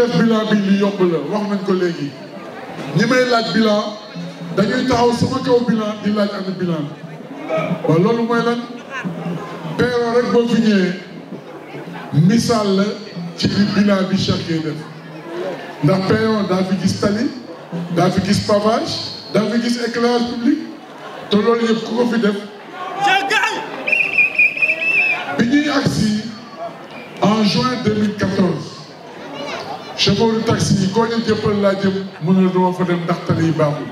def bilan bi li yomb la wax nañ ko léegi ñi may laaj bilan dañuy taxaw sama kaw bilan pero rek boo fi ñëwee misaal la ci li bi chaque def ndax pero fi gis tali daa fi gis pavage daa fi gis éclairage public te loolu fi def bi ñuy agsi en juin 2014 chauffeur taxi koo ne jëppal laa jëm mu ne duma fa dem ndax tali baaxul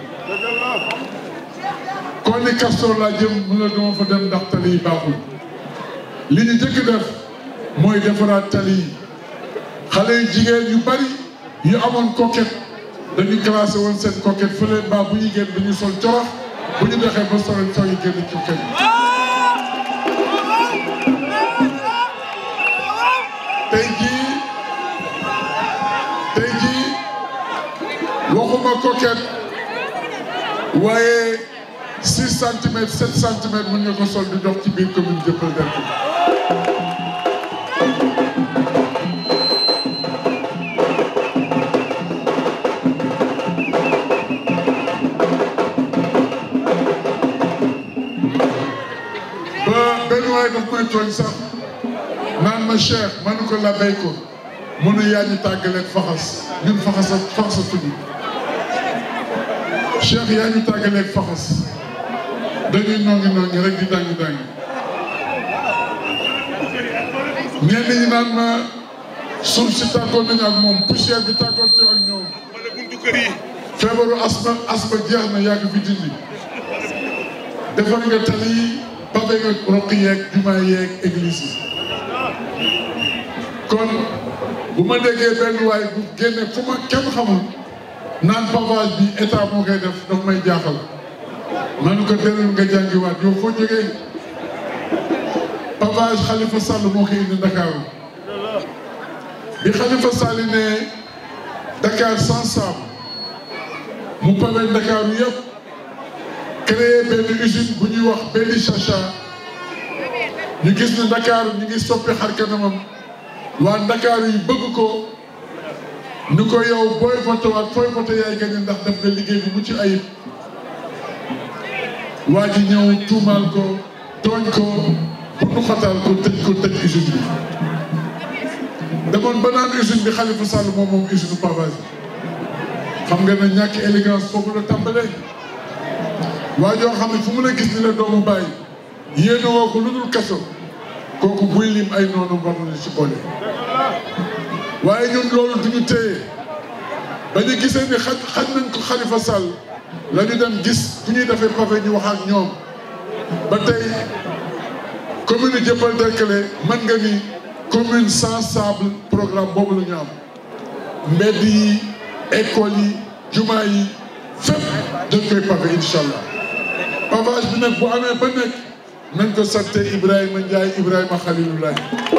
koo ne Castor laa jëm mu ne duma fa dem ndax li ñu jëkk def mooy defaraat tali xale yu jigéen yu bari yu amoon coquette dañu classé woon seen coquette fële baa bu ñu génn dañu sol corox bu ñu doxee ba solo coow yi génn ci kenn coquette waaye 6 centimètres 7 centimètres mën nga ko sol di dox ci biir commune Dieuppeul-Derklé waaye daf koy tooñ sax naan ma Cheikh mënu ko la béy ko mënu yaa ñu tàggaleeg faxas ñun faxas faxasatuñu Cheikh yaa ñu tàggaleeg faxas dañuy nongi nongi rek di dàngi dàngi ñenn ñi naan ma suuf si tàggoon nañu ak moom poussière bi tàggoon ci ak ñoom feebaru asma asma jeex yàgg fi dindi defar tali yi babe nga roq yeeg jumaa yeeg kon bu ma déggee benn waay bu génne fu ma kenn naan pavage bi état moo koy may jaaxal ma ne ko dellu nga jàngiwaat yow foo jógee pavage Khalifa Sall moo koy indi Dakar bi Khalifa Sall ne Dakar sans sable mu pavé Dakar yëpp créé benn usine bu ñuy wax benn chacha ñu gis ne Dakar ñu ngi soppi xar kanamam waa Dakar yi bëgg ko. ni ko yow booy voté waat fooy voté yaay gañe ndax def nga liggéey bu mucc ayib waa ji ñëw tuumaal ko tooñ ko pour xatal ko tëj ko tëj usine bi demoon ba naan usine bi Khalifa Sall moom moom usine pavage xam nga ne ñàkk élégance foofu la tàmbalee waa joo xam ne fu mun a gis ni la doomu bàyyi yéen woo ko lu dul kaso kooku buy lim ay noonu war na waaye ñun loolu duñu téye ba ñu gisee ni xaj xaj nañ ko Khalifa Sall la ñu dem gis fu ñuy defee pafe ñu wax ak ñoom ba tey commune Dieuppeul Derklé mën nga ni commune sans programme boobu la ñu am mbedd yi école yi jumaa yi fépp dañ koy pafe incha allah pavage bi nag bu amee ba nekk nañ ko sante Ibrahima a Ibrahima Khalilullahi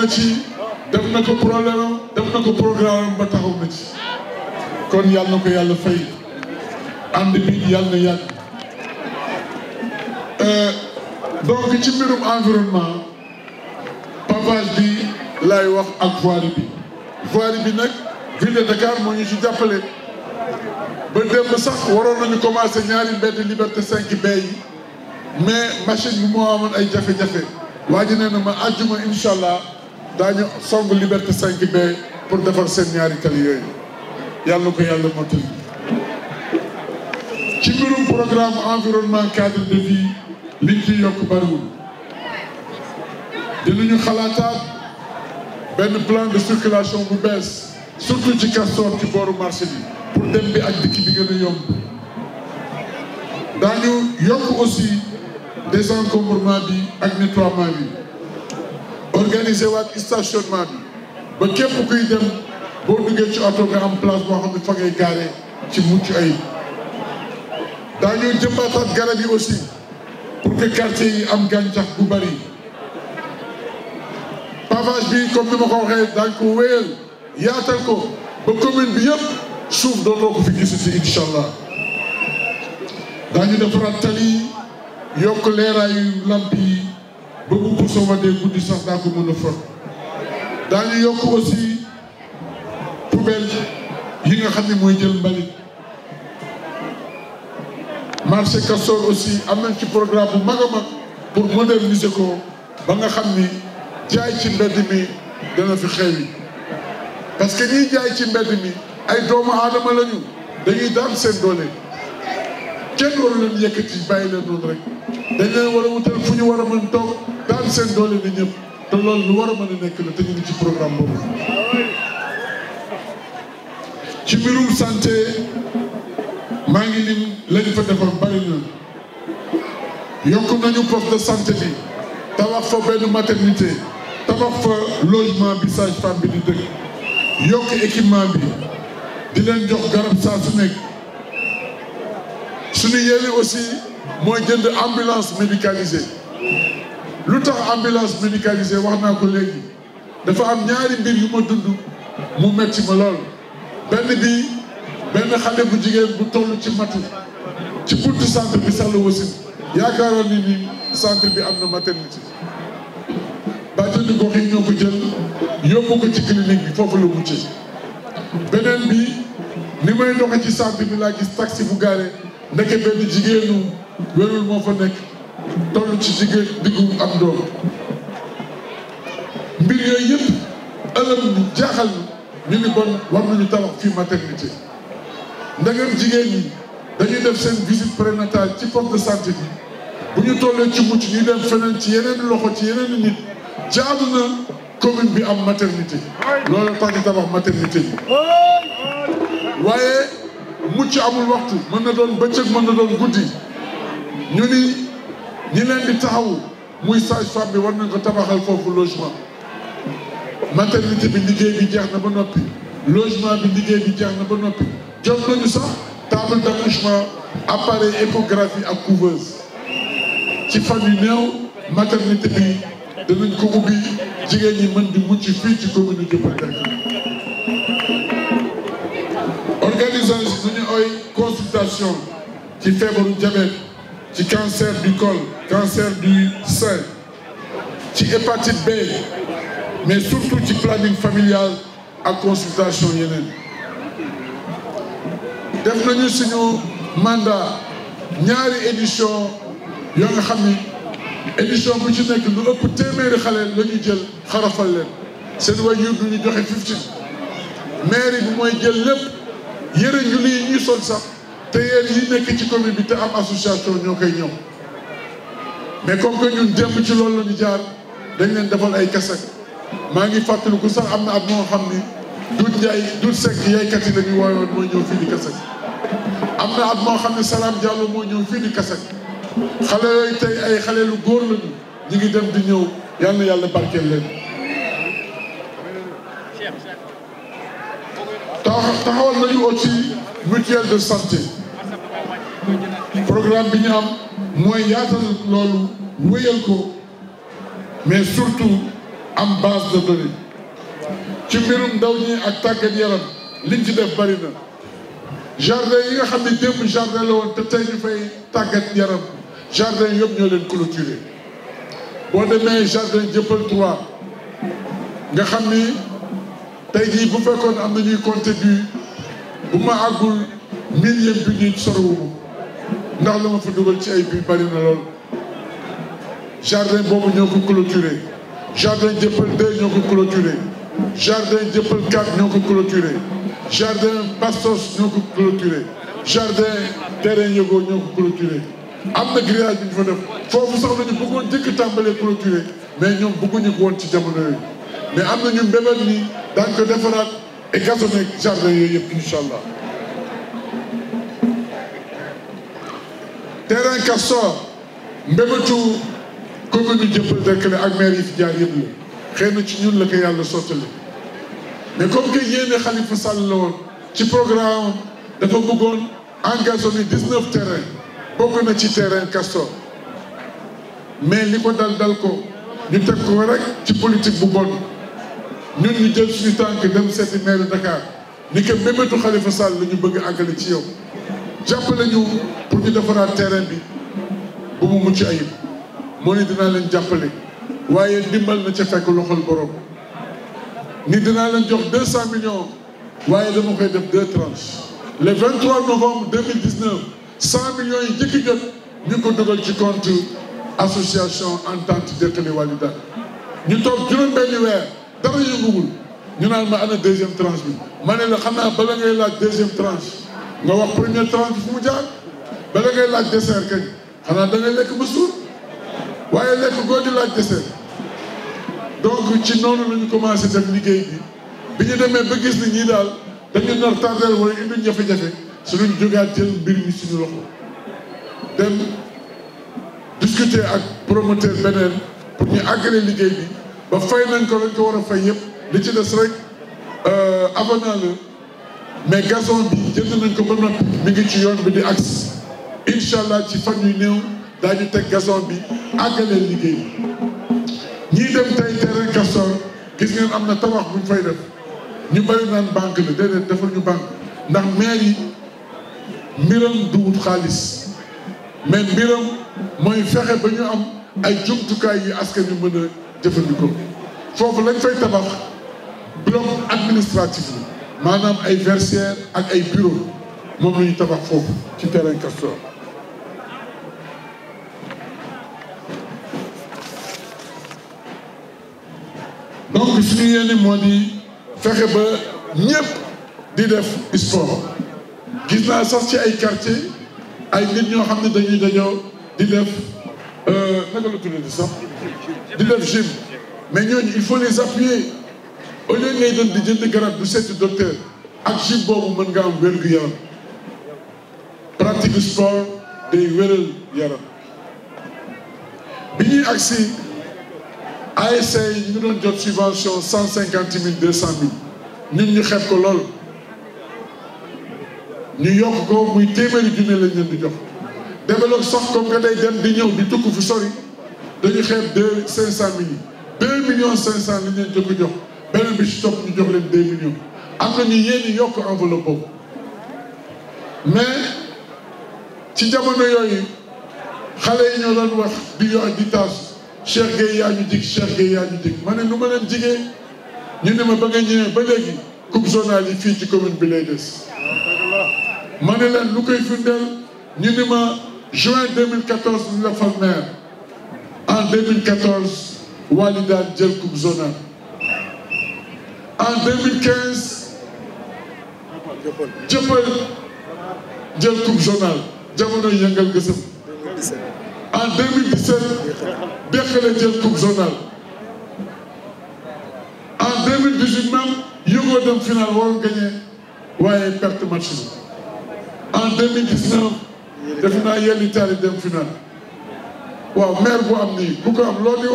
na ci def na ko problème def na ko programme ba taxaw na ci kon yàlla na ko yàlla fay ànd bi yàlla na euh, donc ci mbirum environnement pavage bi laay wax ak voirie bi voirie bi nag ville de Dakar moo ñu ci jàppale ba démb sax waroon nañu commencé ñaari mbedd liberté 5 B yi mais machine bi moo amoon ay jafe-jafe waa ji na ma àjjuma incha daañu song liberté 5B pour defar seen ñaari tali yooyu yàlla ko yàlla mottali ci mbirum programme environnement cadre de vie liñ ciy yokk bariwul dinañu xalaataat benn plan de circulation bu bees surtout ci Castor ci booru marché bi pour dem bi ak dikki bi gën a yomb daañu yokk aussi désencombrement bi ak nettoiement bi organiser waat stationnement bi ba képp kuy dem boo duggee ci oto ci mucc ayib daañoo yi aussi pour am gàncax bu bari bi comme ni ma ko ko wéyal yaatal ko bi yëpp suuf dootoo ko fi yokk leeraayu lamp yi soo ma dee guddi sax daa ko mën a fot daañu yokk aussi poubelle yi nga xam ne mooy jël mbalit marché Castor aussi am nañ ci programme bu mag a mag pour moderniser ko ba nga xam ni jaay ci mbedd mi dana fi xew yi parce que ñiy jaay ci mbedd mi ay doomu aadama lañu dañuy daan seen doole kenn waru leen yëkkati bàyyi leen noonu rek dañ leen war fu ñu war a mën toog daan seen doole ni ñëpp te loolu lu war a mën a nekk la te ñu ngi ci programme boobu. ci mbirum santé maa ngi lim lañu fa defoon bari na yokk nañu poste de santé bi tabax fa benn maternité tabax fa logement bi sage-femme dëkk yokk équipement bi di jox garab saa su nekk suñu yéene aussi. mooy jënd ambulance médicalisée lu tax ambulance médicalisée wax naa ko léegi dafa am ñaari mbir yu ma dund mu metti ma lool benn bi benn xale bu jigéen bu toll ci matu ci buntu centre bi sax la wasin yaakaaroon ni ni centre bi am na maternité bàjjenu gox yi ñoo ko jël yóbbu ko ci clinique bi foofu la muccee beneen bi ni may doxe ci centre bi laa gis taxi bu gaare ndeke benn jigéenu yooyu moo fa nekk toll ci digg diggu am doom mbir yooyu yëpp ëllëg ñu jaaxal ñu ni bon war nañu tabax fii maternité ndegam jigéen ñi dañuy def seen visite prénatale ci poste de santé bi bu ñu tollee ci mucc ñu dem feneen ci yeneen loxo ci yeneen nit jaadu na commune bi am maternité loolu tax ñu tabax maternité bi waaye mucc amul waxtu mën na doon bëccëg mën na doon guddi ñu ni ñi leen di taxaw muy sage-femme bi war nañ ko tabaxal foofu logement maternité bi liggéey bi jeex na ba noppi logement bi liggéey bi jeex na ba noppi jox nañu sax table d'accouchement appareil échographie ak couveuse ci fan yu néew maternité bi danañ ko ubbi jigéen ñi mën di mucc fii ci commune Dieuppeul-Derklé organisation suñu ooy consultation ci feebaru diabète ci cancer du col cancer du sein ci hépatite B mais surtout ci planning familial ak consultation yeneen def nañu suñu mandat ñaari édition yoo nga xam ni édition bu ci nekk lu ëpp téeméeri xale la ñu jël xarafal leen seen waajur du ñu joxe fifteen mairie bi mooy jël lépp yëre ñu lii ñuy sax te yéen yi nekk ci commune bi te am association ñoo koy ñëw mais comme que ñun démb ci lool la ñu jaar dañ leen defal ay kasak maa ngi fàttaliku sax am na ab moo xam ni duut njaay duut sekk yaykat yi la ñu woowoon mooy ñëw fii di kasak am na at moo xam ne Salam Diallo moo ñëw fii di kasak xale yooyu lu góor lañu ñi ngi dem di ñëw yal yàlla barkeel leen taxawal nañu aussi mutuelle de santé programme bi ñu am mooy yaatal loolu wéyal ko mais surtout am base de ci mbirum ndaw ñi ak tàggat yaram liñ ci def bari na jardin yi nga xam ne démb jardin la te tey ñu fay tàggat yaram jardin yëpp ñoo leen clôturé boo demee jardin jëppal trois nga xam ni tey jii bu fekkoon am nañuy ñuy compter bu ma àggul millième bi ñuy sorowuma ndax la ma fa dugal ci ay bi bari na lool jardin boobu ñoo ko clôturé jardin jëppal deux ñoo ko clôturé jardin jëppal quatre ñoo ko clôturé jardin bastos ñoo ko clôturé jardin terrain yëgoo ñoo ko clôturé am na grillage bi ñu foofu sax nañu bëggoon jëkk tàmbalee clôturé mais ñoom bëgguñu ko woon ci jamono yooyu mais am na ñu mbébét ni daañ ko defaraat et gazonné jardin yooyu yëpp incha allah terrain Castor mbébétu commune nu Dieuppeul Derklé ak maire yi fi jaar yëpp la xëy na ci ñun la ko yàlla sottali mais comme que yéene Khalifa Sall la woon ci programme dafa bëggoon oo dix-neuf terrain bokk na ci terrain Castor mais li ko dal dal ko ñu teg ko rek ci politique bu bon ñun ñu jël suñu tànk dem seeti maire Dakar ni ko mbébétu Khalifa Sall la ñu bëgg àggale ci yow jàppale ñu pour ñu defaraat terrain bi bu mu mucc ayib moo ne dinaa leen jàppale waaye ndimbal na ca fekk loxol borom ni dinaa leen jox deux cent millions waaye dama koy def deux tranches le 23 novembre 2019 100 millions yi njëkk jot ñu ko dugal ci compte association entente Dieukheuli Walida ñu toog juróom-benni weer dara yënguwul ñu naan ma ana deuxième tranche bi ma ne la xam naa bala ngay laaj deuxième nga wax premier temps bi fu mu jaar bala ngay laaj kañ xanaa da lekk ba suur waaye lekk goo di laaj dessert donc ci noonu la ñu commencé def liggéey bi bi ñu demee ba gis ni ñi daal dañu nar tardeel wala indi jafe-jafe suñu jógaat jël mbir mi suñu loxo dem discuter ak promoteur beneen pour ñu àggale liggéey bi ba fay nañ ko lañ ko war a fay yëpp li ci des rek euh, avenant la mais gazon bi jënd nañ ko ba noppi mi ngi ci yoon bi di ags incha allah ci fan yu néew daañu teg gazon bi àggaleel liggéey ñii dem tey terrain Castor gis ngeen am na tabax bu ñu fay def ñu bëri naan banque la déedéet defal ñu banque ndax maire yi mbiram duwut xaalis mais mbiram mooy fexe ba ñu am ay jumtukaay yi askan wi mën a jëfandikoo foofu lañ fay tabax bloc administratif la maanaam ay versaire ak ay bureau moom la ñu tabax foofu ci terrain Castor donc suñu yéene moo di fexe ba ñëpp di def sport gis naa sax ci ay quartier ay nit ñoo xam ne dañuy dañoo di def euh, naka la tuddati sax di def gym mais ñooñu il faut les appuyer au ngay dem di jënd garab du seeti docteur ak si boobu mën nga am wérgu yaram pratique sport day wéral yaram bi ñuy agsi ASC yi ñu doon jot subvention cent cinquante mille deux cent mille ñun ñu xeet ko lool ñu yokk ko muy téeméeri junne lañ leen di jox développe sax comme que day dem di ñëw di tukk fu sori dañu xeeb deux cinq cent mille yi deux millions jox beneen bi si topp ñu jox leen yokk enveloppe boobu ci jamono yooyu xale yi ñoo doon wax di yo di taas Cheikh Gueye yaa ñu dig Cheikh Gueye yaa ñu dig nu ma leen jigee ñu ne ma ba nga ñëwee ba léegi coupe zonale yi fii ci commune bi lay des ma ne leen lu koy firndeel ñu ne ma juin 2014 ñu la fal maire en 2014 Wali daan jël coupe zonale en 2015 jëppal jël coupe journal jamono yëngal gësëm en 2017 Dexële jël coupe journal en 2018 même yëngoo dem final waroon gagné waaye perte match bi en 2019 def naa yéen Italie dem final waaw maire bu am nii bu am loo di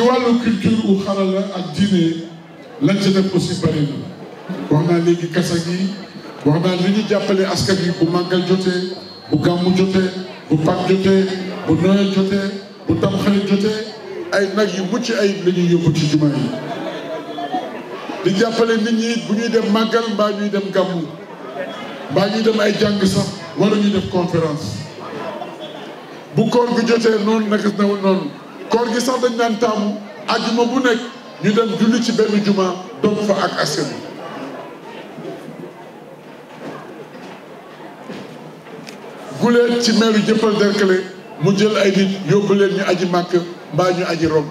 ci wàllu culture u xarala ak diine la ca def aussi bëri na wax naa léegi kasa gi wax naa li ñu jàppale askan yi bu màggal jotee bu gàmmu jotee bu pàcc jotee bu noël jotee bu tamxarit jotee ay nag yu mucc ayib la ñuy yóbbu ci jumaa yi di jàppale nit ñi bu ñuy dem màggal mbaa ñuy dem gàmmu mbaa ñuy dem ay jàng sax waruñu def conférence bu koor bi jotee noonu naka na noonu koor gi sax dañ daan taamu ajuma bu nekk ñu dem julli ci benn juma doog fa ak askan guleet ci meeru jëppal derkale mu jël ay nit yóbbu leen ñu aji màkk mbaa ñu aji romb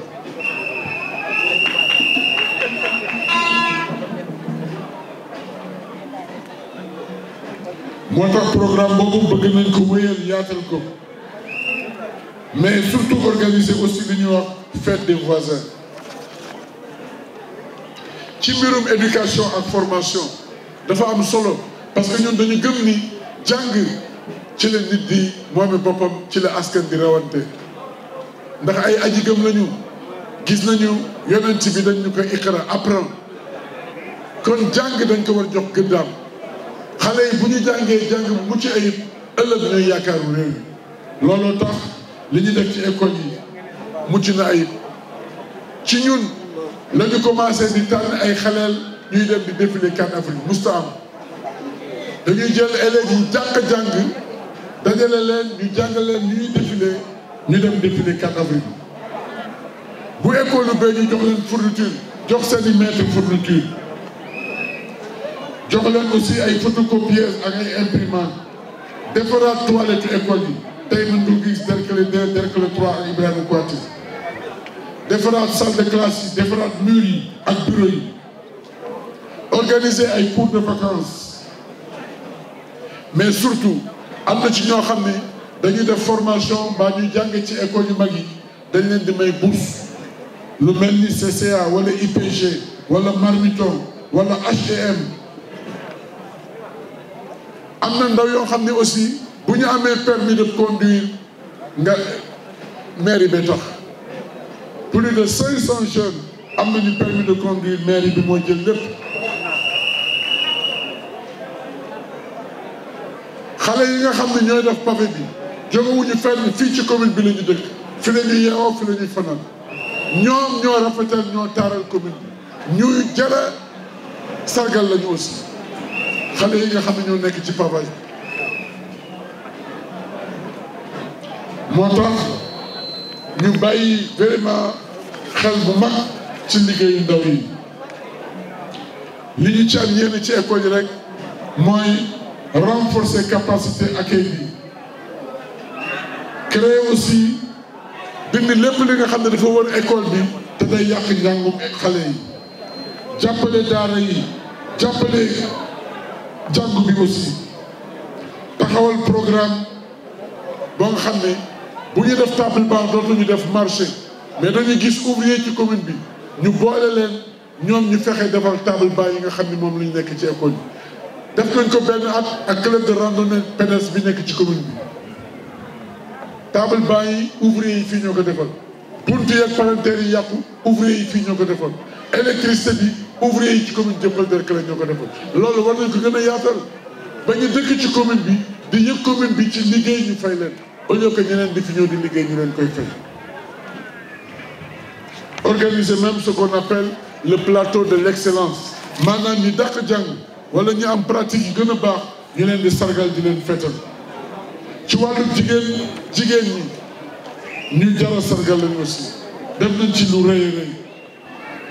moo tax programme boobu bëgg nañ ko wéyal yaatal ko mais surtout organiser aussi li ñuy wax fête des voisins ci mbirum éducation ak formation dafa am solo parce que ñoom dañu gëm ni jàng ci la nit di moome boppam ci la askan di rawante ndax ay aji gëm lañu gis nañu yonent bi dañ ñu koy iqra apprend kon jàng dañ ko war jox gëddaam xale yi bu ñu jàngee jàng bu mucc ayib ëllëg ñooy yaakaaru réew mi tax li ñu def ci école yi mucc na ayib ci ñun la ñu commencé di tànn ay xaleel ñuy dem di défilé CAN Afrique musta dañuy jël élèves yi jàkk-jàng dajale leen ñu jàngal leen ñuy défilé ñu dem défilé CAN Afrique bu école bee ñu jox leen fourniture jox seen i maître jox leen aussi ay photocopieuse ak ay imprimante defaraat toilette école yi tey mën nga gis le 2 Derklé defaraat salle de classe yi defaraat mur yi ak bureau yi organiser ay cours de vacances mais surtout am na ci ñoo xam ne dañuy def formation mbaa ñuy jàng ci école yu mag yi dañ leen di may bourse lu mel ni CCA wala IPG wala Marmiton wala HTM am na ndaw yoo xam ne aussi bu ñu amee permis de conduire nga mairie bi tax plus de cinq cent jeunes am nañu permis de conduire mairie bi moo jël lépp xale yi nga xam ne ñooy def pavé bi jógewuñu fenn fii ci commune bi la ñu dëkk fi la ñuy yeewoo fi la ñuy fanaan ñoom ñoo rafetal ñoo taaral commune bi ñuy jëla sargal lañu aussi xale yi nga xam ne ñoo nekk ci pavage bi moo tax ñu bàyyi vraiment xel bu mag ci liggéeyu ndaw yi lii ci am yéen ci école yi rek mooy renforcer capacité accueil bi créer aussi bind lépp li nga xam ne dafa wër école bi te day yàq njàngum xale yi jàppale daara yi jàppale jàng bi aussi taxawal programme boo nga xam ne bu ñu def table banque dootuñu def marché mais dañuy gis ouvrier ci commune bi ñu boole leen ñoom ñu fexe defal table banque yi nga xam ni moom la ñu nekk ci école yi. def nañ ko benn at ak club de randonnée bi nekk ci commune bi table banque yi ouvrier yi fii ñoo ko defal bunt yi ak palanteer yi yàqu ouvrier yi fii ñoo ko defal électricité bi ouvrier yi ci commune Dieuppeul Derklé ñoo ko defal loolu war nañ ko gën a yaatal ba ñu dëkk ci commune bi di yëg commune bi ci liggéey ñu fay leen au lieu que ñeneen di fi ñëw di liggéey ñu leen koy fay. organiser même ce qu'on appelle le plateau de l'excellence maanaam ñi dàq jàng wala ñu am pratique yu gën a baax ñu leen di sargal di leen fetal ci wàllu jigéen jigéen ñi ñu jara sargal leen aussi def nañ ci lu rëy rëy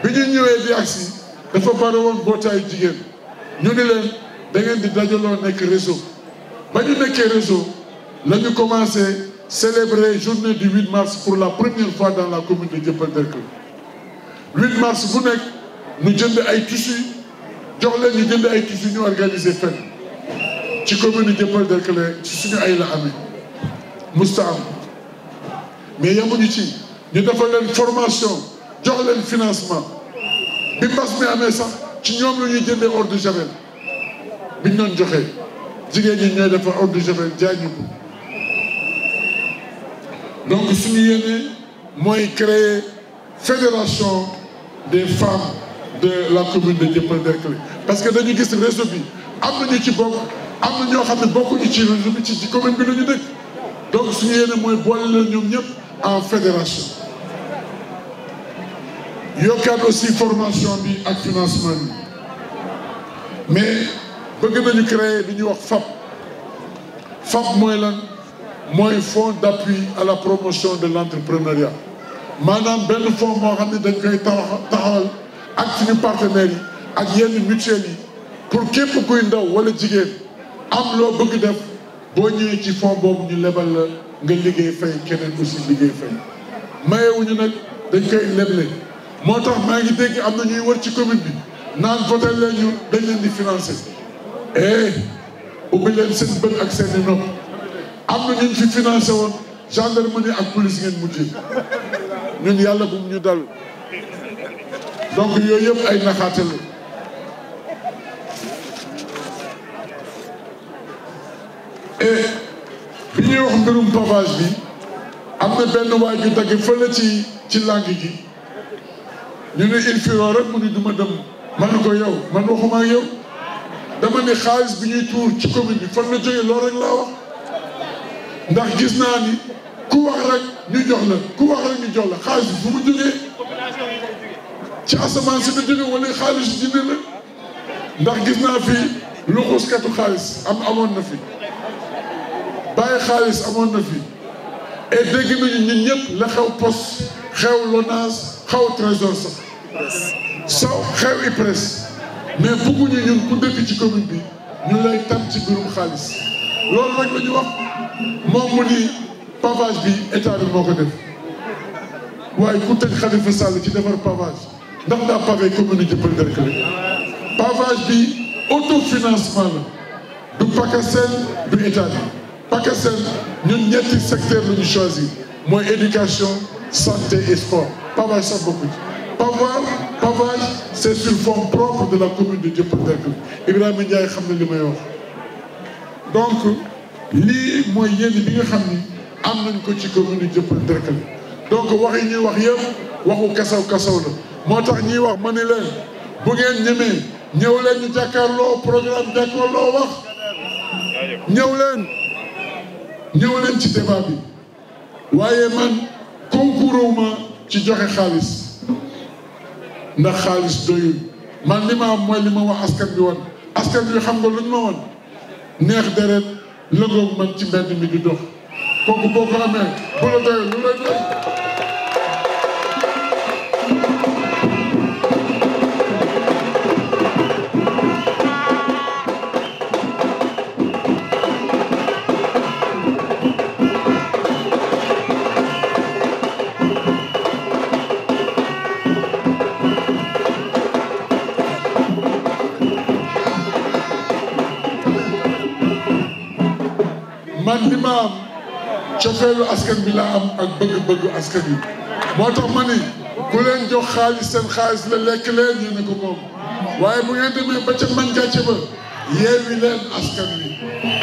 bi ñu ñëwee di agsi dafa bare woon mbootaayu jigéen ñu ni leen da ngeen di dajaloo nekk réseau ba ñu nekkee réseau la ñu commencé célébrer journée du 8 mars pour la première fois dans la commune de Dieuppeul-Derklé 8 mars bu nekk ñu jënd ay tissus jox leen ñu jënd ay tissus ñu organiser fenn ci commune Dieuppeul-Derklé ci suñu ay la amee musta am mais yamuñu ci ñu defal leen formation jox leen financement bi mbas mi amee sax ci ñoom la ñuy jëndee eau de javel bi ñu doon joxee jigéen ñi ñooy defar eau de javel jaay ñu ko donc suñu yéene mooy créer fédération des femmes de la commune de Dieuppeul Derklé parce que dañu gis réseau bi am na ci bokk am na ñoo xam ne bokkuñu ci ci commune bi la ñu dëkk donc suñu yéene mooy boole leen ñoom ñëpp en fédération yokkaat aussi formation bi ak financement bi mais bëgg nañu créer li ñuy wax FAP FAP mooy lan mooy fonds d'appui à la promotion de l'entrepreneuriat maanaam benn fonds moo xam ne dañ koy taxawal ak suñu partenaires yi ak yenn mutuelles yi pour képp kuy ndaw wala jigéen am loo bëgg def boo ñëwee ci fond boobu ñu lebal la nga liggéey fay keneen aussi liggéey fay mayewuñu nag dañ koy leble moo tax maa ngi dégg am na ñuy wër ci commune bi naan voté leen ñu dañ leen di financé eh ubbi leen seen bët ak seen i am na ñun fi financé woon gendarmerie ak police ngeen mujjee ñun yàlla bu ñu dal donc yooyu yëpp ay naxaate la et bi ñuy wax mbirum pavage bi am na benn waay ju dagg fële ci ci langue gi ñu ne rek mu ni duma dem ma ne ko yow man waxuma ak yow dama ni xaalis bi ñuy tuur ci commune bi fan la jógee loolu ndax gis naa ni ku wax rek ñu jox la ku wax rek ñu jox la xaalis fu mu jógee ci asamaan si la jógee wala xaalis dina la ndax gis naa fi luxuskatu xaalis am amoon na fi bàyyi xaalis amoon na fi et dégg nañu ñun ñëpp la xew poste xew Lonase xew trésor sax saw xew IPRES mais bëgguñu ñun ku dëkk ci commune bi ñu lay tam ci mbirum xaalis loolu rek la ñu wax moom mu ni pavage bi état bi moo ko def waaye ku teg Khalifa Sall ci defar pavage ndax daa pavé commune Dieuppeul Derklé pavage bi autofinancement la du PACASEN du état bi PACASEN ñun ñetti secteur la ñu choisir mooy éducation santé et sport pavage sax bokku c'est sur fonds propres de la commune de Dieuppeul Derklé Ibrahima Ndiaye xam na li may lii mooy yéene bi nga xam ni am nañ ko ci commune Dieuppeul Derklé donc wax yi ñuy wax yëpp waxu kasaw kasaw la moo tax ñuy wax ma ni leen bu ngeen ñemee ñëw leen ñu jàkkaarloo programme jàkkaarloo wax ñëw leen ñëw leen ci débat bi waaye man concours ma ci joxe xaalis ndax xaalis doyul man li ma mooy li ma wax askan bi woon askan bi xam nga luñ ma neex deret lëgoog man ci mbedd mi di dox kooku boo ko amee bu la doyee cofeelu askan bi laa am ak bëgg-bëggu askan bi moo tax ma ni ku leen jox xaalis seen xaalis la lekk leen ñu ne ko moom waaye bu ngeen demee ba ca man gàcce ba yeewi leen askan wi